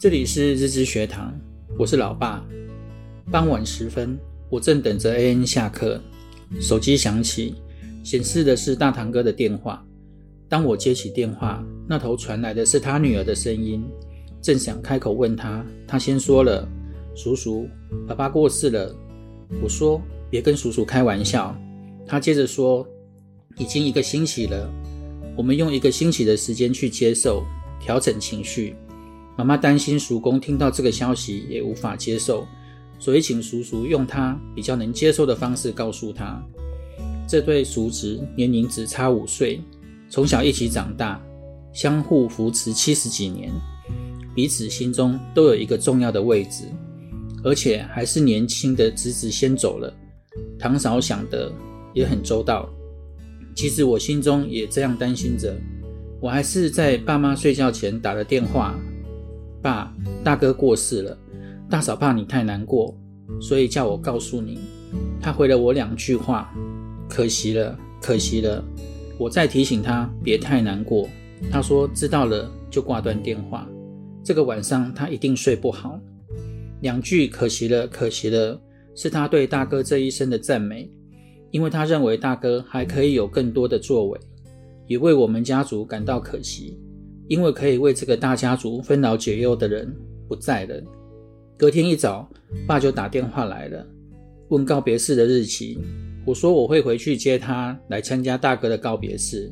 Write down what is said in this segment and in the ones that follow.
這裡是日知學堂，我是老爸。傍晚時分，我正等着 AN 下課，手機響起，顯示的是大堂哥的電話。當我接起電話，那頭傳來的是他女兒的聲音。正想開口問他，他先說了：“叔叔，爸爸過世了。”我說：“別跟叔叔開玩笑。”他接着說：“已經一個星期了，我們用一個星期的時間去接受、調整情緒。”媽媽擔心叔公聽到這個消息也無法接受，所以請叔叔用他比較能接受的方式告訴他：這對叔侄年齡只差五歲，從小一起長大，相互扶持七十幾年，彼此心中都有一個重要的位置，而且還是年輕的侄子先走了。堂嫂想得也很周到，其實我心中也這樣擔心着，我還是在爸媽睡覺前打了電話。爸，大哥過世了，大嫂怕你太難過，所以叫我告訴你。他回了我兩句話，可惜了，可惜了。我再提醒他別太難過，他說知道了，就掛斷電話。這個晚上他一定睡不好。兩句可惜了，可惜了，是他對大哥這一生的讚美，因為他認為大哥還可以有更多的作為，也為我們家族感到可惜。因為可以為這個大家族分勞解憂的人不在了。隔天一早，爸就打電話來了，問告別式的日期。我說我會回去接他來參加大哥的告別式。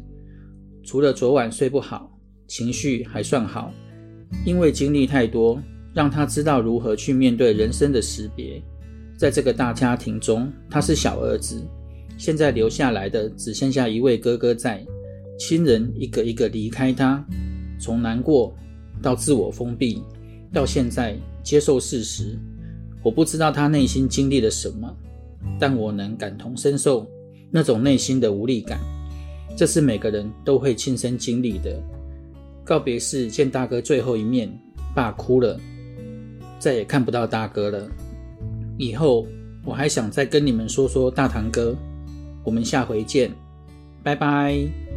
除了昨晚睡不好，情緒還算好，因為經歷太多，讓他知道如何去面對人生的識別。在這個大家庭中，他是小兒子，現在留下來的只剩下一位哥哥在，親人一個一個離開他。從難過到自我封閉，到現在接受事實，我不知道他內心經歷了什麼，但我能感同身受那種內心的無力感，這是每個人都會親身經歷的。告別式見大哥最後一面，爸哭了，再也看不到大哥了。以後我還想再跟你們說說大堂哥，我們下回見，拜拜。